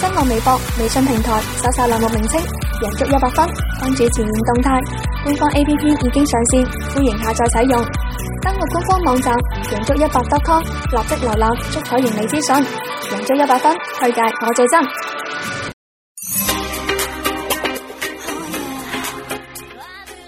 登錄微博、微信平台，搜索欄目名稱，贏足一百分。關注前沿動態，官方 A P P 已經上線，歡迎下載使用。登錄官方網站，贏足一百 .com，立即瀏覽足彩完美資訊。贏足一百分，推介我最真。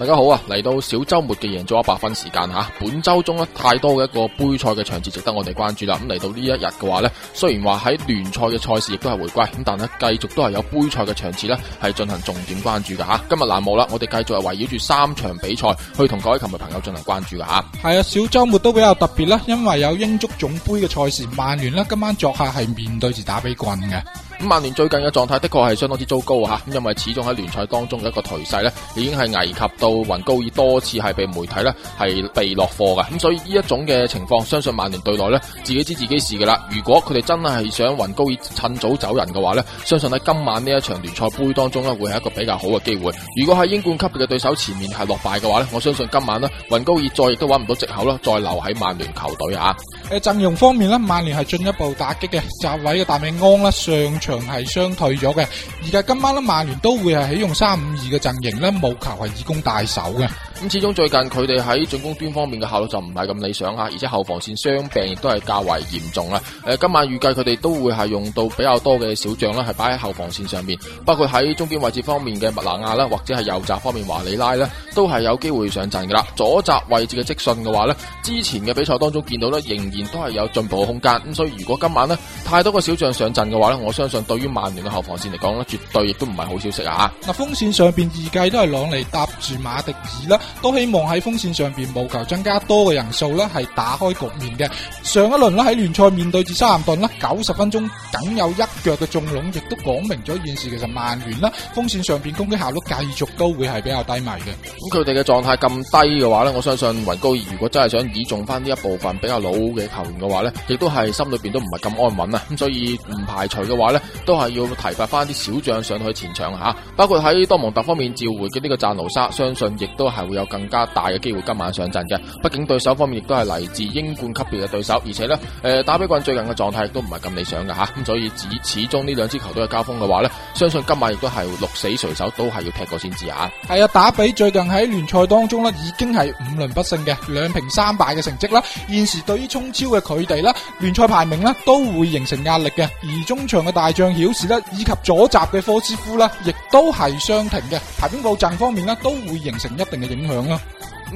大家好啊！嚟到小周末嘅贏足 100FUN 時間吓，本周中咧，太多嘅一個杯賽嘅場次值得我哋關注啦。咁嚟到呢一日嘅話呢，雖然話喺聯賽嘅賽事亦都係回歸，咁但係繼續都係有杯賽嘅場次呢係進行重點關注噶吓。今日欄目啦，我哋繼續係圍繞住三場比賽去同各位球迷朋友進行關注噶吓。係啊，小周末都比較特別啦，因為有英足總杯嘅賽事，曼聯咧，今晚作客係面對住打比郡嘅。咁曼聯最近嘅狀態的確係相當之糟糕啊，因為始終喺聯賽當中嘅一個頹勢呢，已經係危及到雲高爾多次係被媒體呢，係被落課嘅，咁所以呢一種嘅情況，相信曼聯隊內呢，自己知自己事噶啦。如果佢哋真係想雲高爾趁早走人嘅話呢，相信喺今晚呢一場聯賽杯當中呢，會係一個比較好嘅機會。如果喺英冠級別嘅對手前面係落敗嘅話呢，我相信今晚呢，雲高爾再亦都揾唔到藉口啦，再留喺曼聯球隊啊。誒、呃，陣容方面呢，曼聯係進一步打擊嘅，扎位嘅達米安啦上場。係傷退咗嘅，而家今晚咧曼聯都會係起用三五二嘅陣型咧，務求係以攻代守嘅。咁始終最近佢哋喺進攻端方面嘅效率就唔係咁理想啊，而且後防線傷病亦都係較為嚴重啊。誒、呃，今晚預計佢哋都會係用到比較多嘅小將啦，係擺喺後防線上面，包括喺中間位置方面嘅麥拿亞啦，或者係右閘方面華里拉咧，都係有機會上陣噶啦。左閘位置嘅積信嘅話咧，之前嘅比賽當中見到咧，仍然都係有進步嘅空間。咁、呃、所以如果今晚呢，太多個小將上陣嘅話咧，我相信。相信對於曼聯嘅後防線嚟講咧，絕對亦都唔係好消息啊！嗱，鋒線上邊，預計都係朗尼搭住馬迪爾啦，都希望喺鋒線上邊，務求增加多嘅人數啦，係打開局面嘅。上一輪呢，喺聯賽面對住修咸頓啦，九十分鐘僅有一腳嘅中籠，亦都講明咗一件事，其實曼聯啦，鋒線上邊攻擊效率繼續都會係比較低迷嘅。咁佢哋嘅狀態咁低嘅話咧，我相信雲高爾如果真係想倚重翻呢一部分比較老嘅球員嘅話咧，亦都係心裏面都唔係咁安穩啊！咁所以唔排除嘅話咧，都係要提拔翻啲小將上去前場吓，包括喺多蒙特方面召回嘅呢個贊奴沙，相信亦都係會有更加大嘅機會今晚上陣嘅。畢竟對手方面亦都係嚟自英冠級別嘅對手，而且呢誒，打比郡最近嘅狀態亦都唔係咁理想嘅吓，咁所以始始終呢兩支球隊嘅交鋒嘅話呢，相信今晚亦都係鹿死誰手，都係要踢過先至知啊。係啊，打比最近喺聯賽當中呢，已經係五輪不勝嘅兩平三敗嘅成績啦。現時對於衝超嘅佢哋啦，聯賽排名呢都會形成壓力嘅，而中場嘅大。像曉士咧，以及左閘嘅科斯夫啦，亦都係雙停嘅。排邊布陣方面咧，都會形成一定嘅影響啦。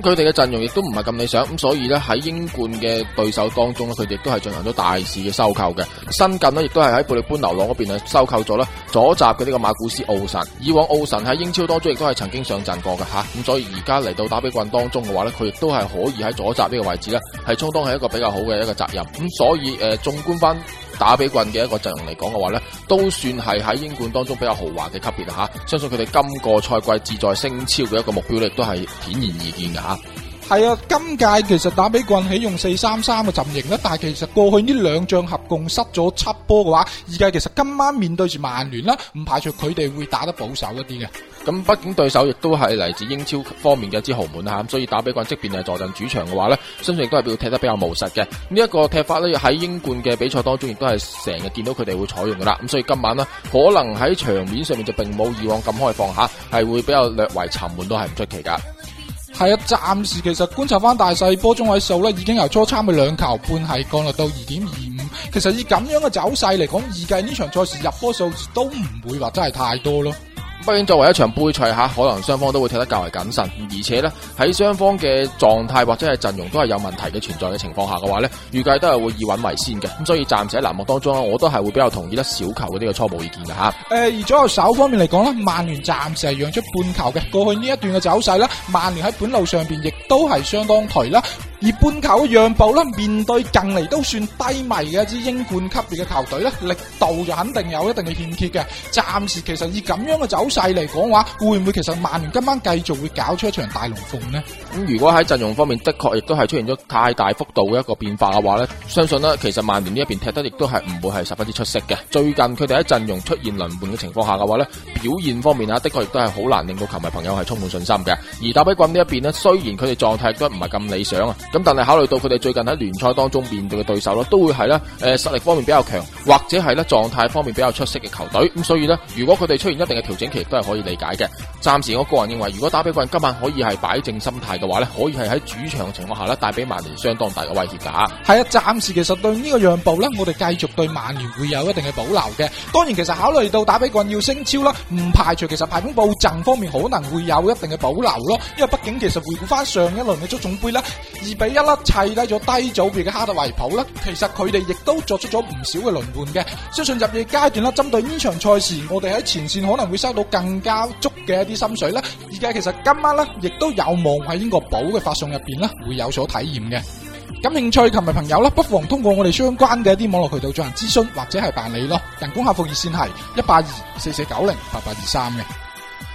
咁佢哋嘅陣容亦都唔係咁理想，咁所以咧喺英冠嘅對手當中咧，佢哋亦都係進行咗大肆嘅收購嘅。新近咧，亦都係喺布利般流浪嗰邊啊，收購咗啦左閘嘅呢個馬古斯奧神。以往奧神喺英超當中亦都係曾經上陣過嘅吓，咁所以而家嚟到打比賽當中嘅話咧，佢亦都係可以喺左閘呢個位置咧，係充當係一個比較好嘅一個責任。咁所以誒，縱、呃、觀翻。打比棍嘅一個陣容嚟講嘅話咧，都算係喺英冠當中比較豪華嘅級別吓、啊。相信佢哋今個賽季志在升超嘅一個目標咧，都係顯然易見噶吓。係啊，今屆其實打比郡係用四三三嘅陣型啦，但係其實過去呢兩仗合共失咗七波嘅話，而家其實今晚面對住曼聯啦，唔排除佢哋會打得保守一啲嘅。咁畢竟對手亦都係嚟自英超方面嘅一支豪門吓，所以打比郡即便係坐陣主場嘅話咧，相信亦都係會踢得比較務實嘅。呢一個踢法咧，喺英冠嘅比賽當中亦都係成日見到佢哋會採用噶啦。咁所以今晚呢，可能喺場面上面就並冇以往咁開放吓，係會比較略為沉悶都係唔出奇噶。係啊，暫時其實觀察翻大細波中位數呢，已經由初參嘅兩球半係降落到二點二五。其實以咁樣嘅走勢嚟講，預計呢場賽事入波數都唔會話真係太多咯。畢竟作為一場杯賽吓，可能雙方都會踢得較為謹慎，而且咧喺雙方嘅狀態或者係陣容都係有問題嘅存在嘅情況下嘅話咧，預計都係會以穩為先嘅。咁所以暫時喺欄目當中咧，我都係會比較同意得小球嘅呢個初步意見嘅吓。誒，而左右手方面嚟講咧，曼聯暫時係讓出半球嘅。過去呢一段嘅走勢啦，曼聯喺本路上邊亦都係相當頹啦。而半球的讓步咧，面對近嚟都算低迷嘅一支英冠級別嘅球隊咧，力度就肯定有一定嘅欠缺嘅。暫時其實以咁樣嘅走勢嚟講嘅話，會唔會其實曼聯今晚繼續會搞出一場大龍鳳呢？咁如果喺陣容方面的確亦都係出現咗太大幅度嘅一個變化嘅話咧，相信咧其實曼聯呢一邊踢得亦都係唔會係十分之出色嘅。最近佢哋喺陣容出現輪換嘅情況下嘅話咧，表現方面啊，的確亦都係好難令到球迷朋友係充滿信心嘅。而打比郡呢一邊咧，雖然佢哋狀態都唔係咁理想啊。咁但係考慮到佢哋最近喺聯賽當中面對嘅對手咯，都會係咧誒，實力方面比較強，或者係咧狀態方面比較出色嘅球隊。咁所以呢，如果佢哋出現一定嘅調整期，其實都係可以理解嘅。暫時我個人認為，如果打比棍今晚可以係擺正心態嘅話呢，可以係喺主場嘅情況下呢，帶俾曼聯相當大嘅威脅噶吓。係啊，暫時其實對呢個讓步呢，我哋繼續對曼聯會有一定嘅保留嘅。當然，其實考慮到打比棍要升超啦，唔排除其實排兵布陣方面可能會有一定嘅保留咯。因為畢竟其實回顧翻上一輪嘅足總盃啦。俾一粒砌低咗低組別嘅哈特維普啦，其實佢哋亦都作出咗唔少嘅輪換嘅，相信入夜階段啦，針對呢場賽事，我哋喺前線可能會收到更加足嘅一啲心水啦。而家其實今晚啦，亦都有望喺英國寶嘅發送入邊啦，會有所體驗嘅。感興趣琴日朋友啦，不妨通過我哋相關嘅一啲網絡渠道進行咨詢或者係辦理咯。人工客服熱線係一八二四四九零八八二三嘅。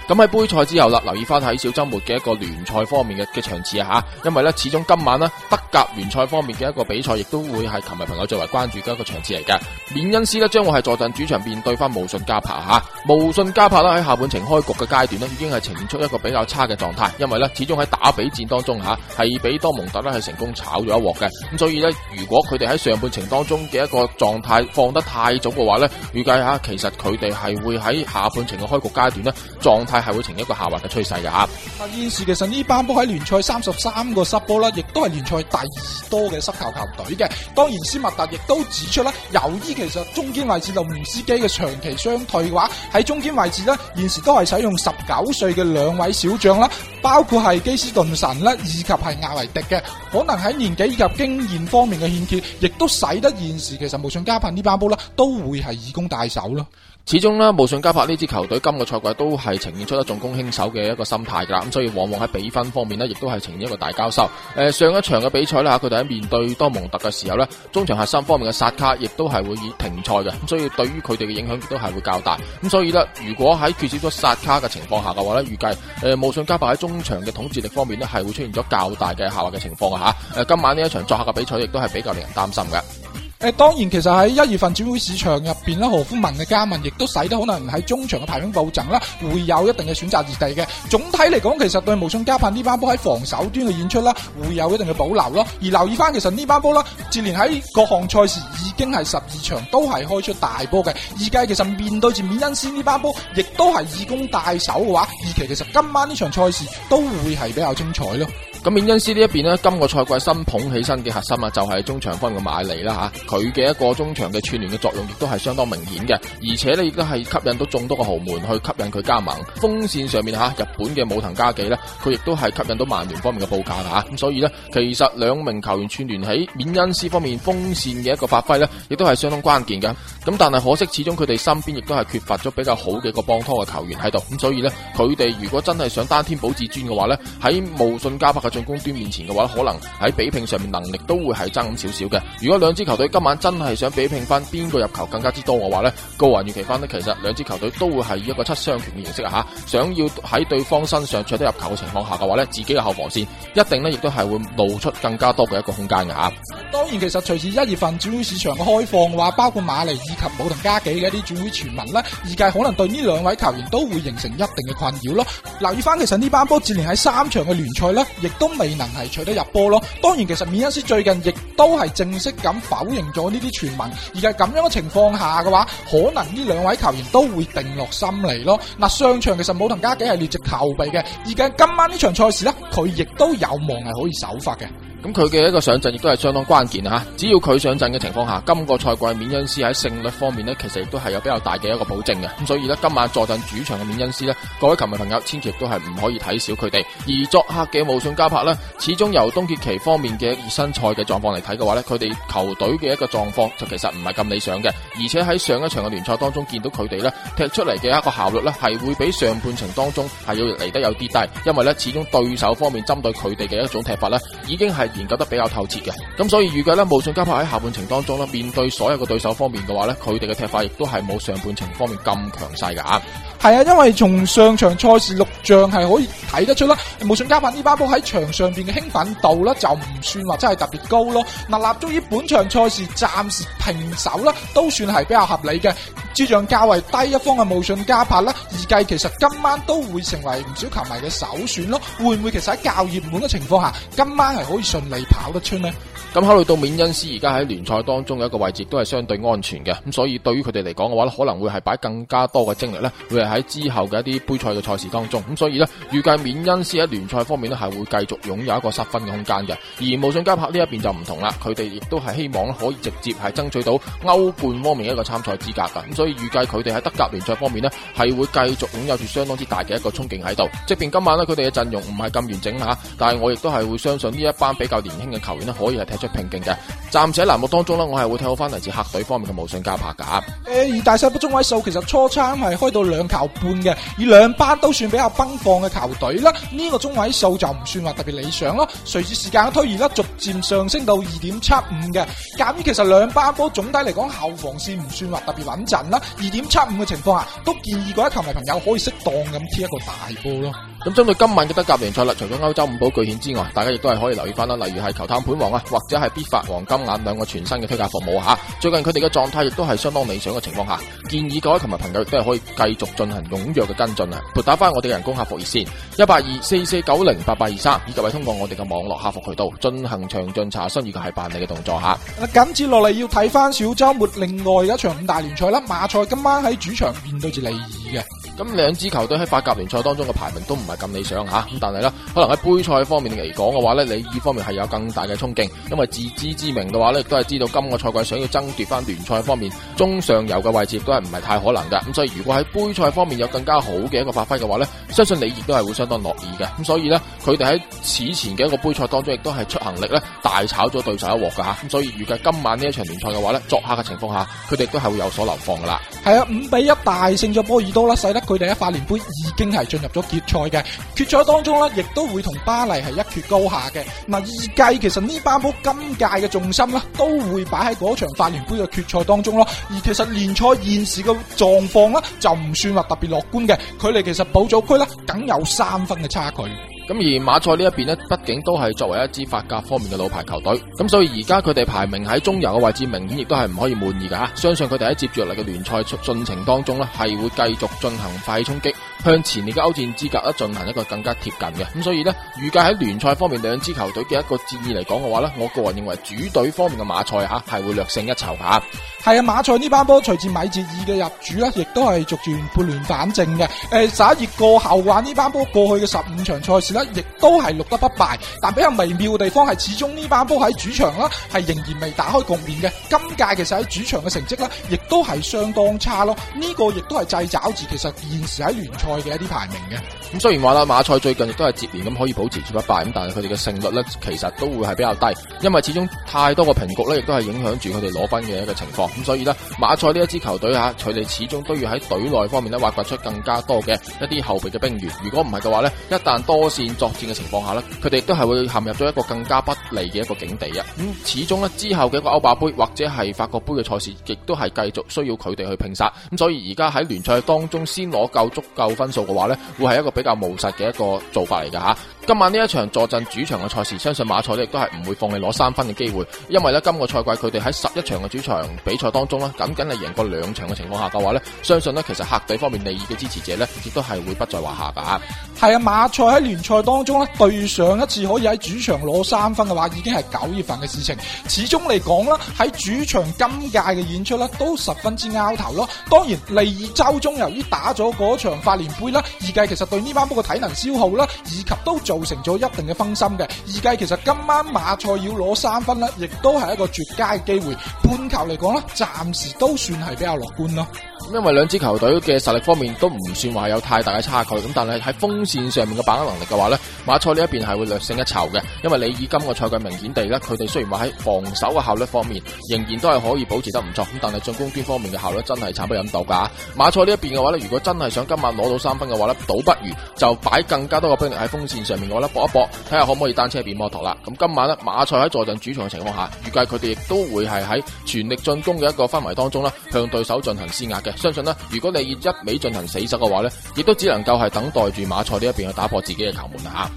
咁喺杯賽之後啦，留意翻喺小周末嘅一個聯賽方面嘅嘅場次啊吓，因為咧始終今晚咧德甲聯賽方面嘅一個比賽，亦都會係琴日朋友最為關注嘅一個場次嚟嘅。緬恩斯呢，將會係坐鎮主場面對翻慕遜加柏吓，慕遜加柏啦喺下半程開局嘅階段呢，已經係呈現出一個比較差嘅狀態，因為咧始終喺打比戰當中吓，係俾多蒙特呢係成功炒咗一鑊嘅，咁所以咧，如果佢哋喺上半程當中嘅一個狀態放得太早嘅話咧，預計下其實佢哋係會喺下半程嘅開局階段呢。狀。係係會呈一個下滑嘅趨勢嘅吓。現時其實呢班在連賽33波喺聯賽三十三個失波啦，亦都係聯賽第二多嘅失球球隊嘅。當然，斯密特亦都指出啦，由於其實中堅位置就唔知基嘅長期傷退嘅話，喺中堅位置呢，現時都係使用十九歲嘅兩位小將啦，包括係基斯頓神啦，以及係亞維迪嘅。可能喺年紀以及經驗方面嘅欠缺，亦都使得現時其實無上加貧呢班波啦，都會係以攻帶守咯。始終呢，無信加柏呢支球隊今個賽季都係呈現出一種攻輕手嘅一個心態噶啦，咁所以往往喺比分方面呢，亦都係呈現一個大交收。誒、呃，上一場嘅比賽咧，佢哋喺面對多蒙特嘅時候呢，中場核心方面嘅薩卡亦都係會停賽嘅，咁所以對於佢哋嘅影響亦都係會較大。咁所以呢，如果喺缺少咗薩卡嘅情況下嘅話呢，預計誒、呃、無信加柏喺中場嘅統治力方面呢，係會出現咗較大嘅下滑嘅情況啊吓。誒，今晚呢一場作客嘅比賽亦都係比較令人擔心嘅。誒，當然，其實喺一月份轉會市場入邊咧，何福文嘅加盟亦都使得可能喺中場嘅排兵布陣啦，會有一定嘅選擇餘地嘅。總體嚟講，其實對無雙加盼呢班波喺防守端嘅演出啦，會有一定嘅保留咯。而留意翻，其實呢班波啦，接連喺各項賽事已經係十二場都係開出大波嘅。而家其實面對住免恩斯呢班波，亦都係以攻帶守嘅話，預期其實今晚呢場賽事都會係比較精彩咯。咁緬恩斯呢一邊呢，今個賽季新捧起身嘅核心啊，就係、是、中場方面嘅馬利啦吓，佢、啊、嘅一個中場嘅串聯嘅作用亦都係相當明顯嘅，而且呢亦都係吸引到眾多嘅豪門去吸引佢加盟。鋒線上面吓、啊，日本嘅武藤嘉紀呢，佢亦都係吸引到曼聯方面嘅報價啦吓，咁、啊、所以呢，其實兩名球員串聯喺緬恩斯方面鋒線嘅一個發揮呢，亦都係相當關鍵嘅。咁、啊、但係可惜，始終佢哋身邊亦都係缺乏咗比較好嘅一個幫拖嘅球員喺度，咁、啊、所以呢，佢哋如果真係想單天保至尊嘅話呢，喺無信加伯嘅進攻端面前嘅話，可能喺比拼上面能力都會係爭咁少少嘅。如果兩支球隊今晚真係想比拼翻邊個入球更加之多嘅話咧，個人預期翻咧，其實兩支球隊都會係以一個七傷拳嘅形式吓，想要喺對方身上取得入球嘅情況下嘅話咧，自己嘅後防線一定咧亦都係會露出更加多嘅一個空間嘅吓。當然，其實隨住一月份轉會市場嘅開放嘅話，包括馬尼以及武藤家己嘅一啲轉會傳聞咧，而家可能對呢兩位球員都會形成一定嘅困擾咯。留意翻，其實呢班波智連喺三場嘅聯賽咧，亦。都未能係取得入波咯，當然其實米爾斯最近亦都係正式咁否認咗呢啲傳聞，而喺咁樣嘅情況下嘅話，可能呢兩位球員都會定落心嚟咯。嗱、呃，上場其實冇同家幾係列只球備嘅，而喺今晚呢場賽事咧，佢亦都有望係可以首發嘅。咁佢嘅一個上陣亦都係相當關鍵啊！只要佢上陣嘅情況下，今個賽季緬恩斯喺勝率方面咧，其實亦都係有比較大嘅一個保證嘅。咁所以咧，今晚坐陣主場嘅緬恩斯咧，各位球迷朋友千祈都係唔可以睇小佢哋。而作客嘅慕遜加柏咧，始終由冬歇期方面嘅熱身賽嘅狀況嚟睇嘅話咧，佢哋球隊嘅一個狀況就其實唔係咁理想嘅。而且喺上一場嘅聯賽當中見到佢哋咧踢出嚟嘅一個效率咧，係會比上半程當中係要嚟得有啲低，因為咧始終對手方面針對佢哋嘅一種踢法咧，已經係。研究得比較透徹嘅，咁所以預計咧，慕遜加柏喺下半程當中呢，面對所有嘅對手方面嘅話呢，佢哋嘅踢法亦都係冇上半程方面咁強勢嘅啊。係啊，因為從上場賽事錄像係可以睇得出啦，慕遜加柏呢班波喺場上面嘅興奮度呢就唔算話真係特別高咯。嗱，立足於本場賽事暫時平手啦，都算係比較合理嘅。至於較為低一方嘅慕遜加柏啦，預計其實今晚都會成為唔少球迷嘅首選咯。會唔會其實喺較熱門嘅情況下，今晚係可以上？你跑得出咩？咁考慮到緬恩斯而家喺聯賽當中嘅一個位置都係相對安全嘅，咁所以對於佢哋嚟講嘅話咧，可能會係擺更加多嘅精力咧，會係喺之後嘅一啲杯賽嘅賽事當中，咁所以咧，預計緬恩斯喺聯賽方面咧係會繼續擁有一個失分嘅空間嘅。而慕遜加柏呢一邊就唔同啦，佢哋亦都係希望可以直接係爭取到歐冠方面一個參賽資格噶，咁所以預計佢哋喺德甲聯賽方面咧係會繼續擁有住相當之大嘅一個衝勁喺度。即便今晚咧佢哋嘅陣容唔係咁完整吓，但係我亦都係會相信呢一班比較年輕嘅球員咧可以係踢。平靜嘅，暫時喺欄目當中咧，我係會睇好翻嚟自客隊方面嘅無勝加拍噶誒，而大細波中位數其實初參係開到兩球半嘅，而兩班都算比較奔放嘅球隊啦。呢個中位數就唔算話特別理想咯。隨住時間嘅推移咧，逐漸上升到二點七五嘅。鑒於其實兩班波總體嚟講後防線唔算話特別穩陣啦，二點七五嘅情況下，都建議各位球迷朋友可以適當咁貼一個大波咯。咁針對今晚嘅德甲聯賽啦，除咗歐洲五寶巨獻之外，大家亦都係可以留意翻啦，例如係球探盤王啊，或者係必發黃金眼兩個全新嘅推介服務吓。最近佢哋嘅狀態亦都係相當理想嘅情況下，建議各位球迷朋友亦都係可以繼續進行踴躍嘅跟進啦。撥打翻我哋嘅人工客服熱線一八二四四九零八八二三，823, 以及係通過我哋嘅網絡客服渠道進行詳盡查詢以及係辦理嘅動作吓。咁接落嚟要睇翻小週末另外一場五大聯賽啦，馬賽今晚喺主場面對住利爾嘅。咁兩支球隊喺法甲聯賽當中嘅排名都唔係咁理想吓，咁但係咧可能喺杯賽方面嚟講嘅話咧，你易方面係有更大嘅衝勁，因為自知之明嘅話咧，亦都係知道今個賽季想要爭奪翻聯賽方面中上游嘅位置都係唔係太可能嘅，咁所以如果喺杯賽方面有更加好嘅一個發揮嘅話咧，相信你亦都係會相當樂意嘅。咁所以咧，佢哋喺此前嘅一個杯賽當中亦都係出行力咧，大炒咗對手一鑊噶吓，咁所以預計今晚呢一場聯賽嘅話咧，作客嘅情況下，佢哋都係會有所流放噶啦。係啊，五比一大勝咗波爾多啦，佢哋喺法聯盃已經係進入咗決賽嘅，決賽當中咧，亦都會同巴黎係一決高下嘅。嗱，預計其實呢班波今屆嘅重心咧，都會擺喺嗰場法聯盃嘅決賽當中咯。而其實聯賽現時嘅狀況咧，就唔算話特別樂觀嘅，佢哋其實保組區咧，僅有三分嘅差距。咁而馬賽呢一邊呢，畢竟都係作為一支法甲方面嘅老牌球隊，咁所以而家佢哋排名喺中游嘅位置，明顯亦都係唔可以滿意㗎。相信佢哋喺接住落嚟嘅聯賽進程當中呢，係會繼續進行快衝擊。向前列嘅歐戰資格咧進行一個更加貼近嘅，咁所以呢，預計喺聯賽方面兩支球隊嘅一個戰意嚟講嘅話呢，我個人認為主隊方面嘅馬賽吓係會略勝一籌吓，係啊，馬賽呢班波隨住米捷爾嘅入主呢，亦都係逐漸撥亂反正嘅，誒、呃，十一月過後嘅呢班波過去嘅十五場賽事呢，亦都係錄得不敗，但比較微妙嘅地方係始終呢班波喺主場啦係仍然未打開局面嘅，今屆其實喺主場嘅成績呢，亦都係相當差咯，呢、這個亦都係掣肘住，其實現時喺聯賽。嘅一啲排名嘅，咁、嗯、雖然話啦，馬賽最近亦都係接連咁可以保持住不敗，咁但係佢哋嘅勝率咧，其實都會係比較低，因為始終太多個平局咧，亦都係影響住佢哋攞分嘅一個情況，咁、嗯、所以咧，馬賽呢一支球隊吓，佢、啊、哋始終都要喺隊內方面咧挖掘出更加多嘅一啲後備嘅兵員，如果唔係嘅話咧，一旦多線作戰嘅情況下咧，佢哋亦都係會陷入咗一個更加不利嘅一個境地啊！咁、嗯、始終咧之後嘅一個歐霸盃或者係法國盃嘅賽事，亦都係繼續需要佢哋去拼殺，咁、嗯、所以而家喺聯賽當中先攞夠足夠分數嘅話咧，會係一個比較務實嘅一個做法嚟噶吓。今晚呢一場坐鎮主場嘅賽事，相信馬賽咧亦都係唔會放棄攞三分嘅機會，因為咧今個賽季佢哋喺十一場嘅主場比賽當中咧，僅僅係贏過兩場嘅情況下嘅話咧，相信咧其實客隊方面利爾嘅支持者咧，亦都係會不在話下噶。係啊，馬賽喺聯賽當中咧，對上一次可以喺主場攞三分嘅話，已經係九月份嘅事情。始終嚟講啦，喺主場今屆嘅演出咧，都十分之拗頭咯。當然，利爾周中由於打咗嗰場法聯杯啦，二屆其實對呢班波嘅體能消耗啦，以及都。造成咗一定嘅分心嘅，預計其實今晚馬賽要攞三分咧，亦都係一個絕佳嘅機會。半球嚟講咧，暫時都算係比較樂觀咯。因為兩支球隊嘅實力方面都唔算話有太大嘅差距，咁但係喺鋒線上面嘅把握能力嘅話咧，馬賽呢一邊係會略勝一籌嘅。因為你以今個賽季明顯地咧，佢哋雖然話喺防守嘅效率方面仍然都係可以保持得唔錯，咁但係進攻端方面嘅效率真係慘不忍睹噶。馬賽呢一邊嘅話咧，如果真係想今晚攞到三分嘅話咧，倒不如就擺更加多嘅兵力喺鋒線上面嘅話咧搏一搏，睇下可唔可以單車變摩托啦。咁今晚咧，馬賽喺坐鎮主場嘅情況下，預計佢哋亦都會係喺全力進攻嘅一個氛圍當中啦，向對手進行施壓嘅。相信咧，如果你要一味進行死守嘅話呢，亦都只能夠係等待住馬賽呢一邊去打破自己嘅球門啦吓。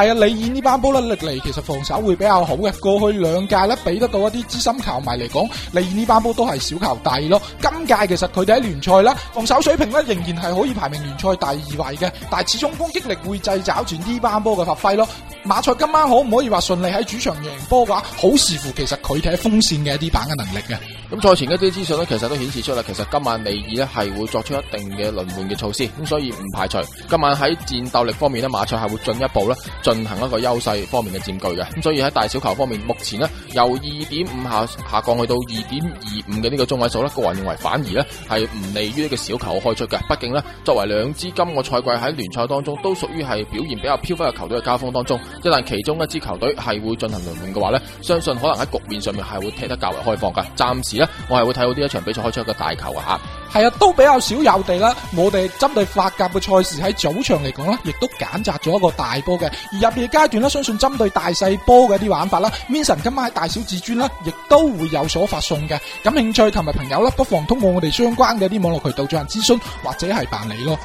係啊，里爾呢班波呢，歷嚟其實防守會比較好嘅。過去兩屆呢，俾得到一啲資深球迷嚟講，里爾呢班波都係小球帝咯。今屆其實佢哋喺聯賽咧，防守水平呢仍然係可以排名聯賽第二位嘅。但係始終攻擊力會制找住呢班波嘅發揮咯。馬賽今晚可唔可以話順利喺主場贏波嘅話，好視乎其實佢哋喺鋒線嘅一啲板嘅能力嘅。咁賽前一啲資訊咧，其實都顯示出啦，其實今晚里爾咧係會作出一定嘅輪換嘅措施，咁所以唔排除今晚喺戰鬥力方面呢，馬賽係會進一步咧進行一個優勢方面嘅佔據嘅，咁所以喺大小球方面，目前呢，由二點五下下降去到二點二五嘅呢個中位數呢，個人認為反而呢，係唔利於呢個小球開出嘅，畢竟呢，作為兩支今個賽季喺聯賽當中都屬於係表現比較飄忽嘅球隊嘅交鋒當中，一旦其中一支球隊係會進行輪換嘅話呢，相信可能喺局面上面係會踢得較為開放㗎，暫時。我係會睇到呢一場比賽開出一個大球啊！吓，係啊，都比較少有地啦。我哋針對法甲嘅賽事喺早場嚟講咧，亦都揀擇咗一個大波嘅。而入面嘅階段咧，相信針對大細波嘅一啲玩法啦，Mason 今晚喺大小至尊啦，亦都會有所發送嘅。感興趣同埋朋友啦，不妨通過我哋相關嘅啲網絡渠道進行諮詢或者係辦理咯。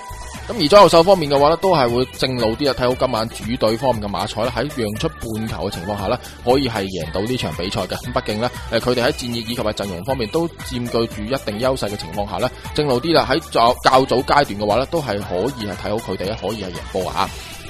咁而左右手方面嘅話咧，都係會正路啲啊！睇好今晚主隊方面嘅馬賽咧，喺讓出半球嘅情況下咧，可以係贏到呢場比賽嘅。咁畢竟咧，誒佢哋喺戰役以及係陣容方面都佔據住一定優勢嘅情況下咧，正路啲啦，喺較較早階段嘅話咧，都係可以係睇好佢哋可以係贏波啊！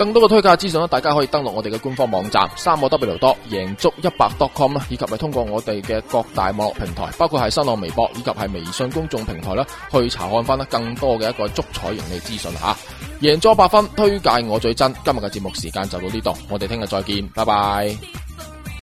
更多嘅推介資訊咧，大家可以登錄我哋嘅官方網站三個 W 多贏足一百 dot com 以及係通過我哋嘅各大網絡平台，包括係新浪微博以及係微信公眾平台去查看翻更多嘅一個足彩盈利資訊吓。贏足百分，推介我最真。今日嘅節目時間就到呢度，我哋聽日再見，拜拜。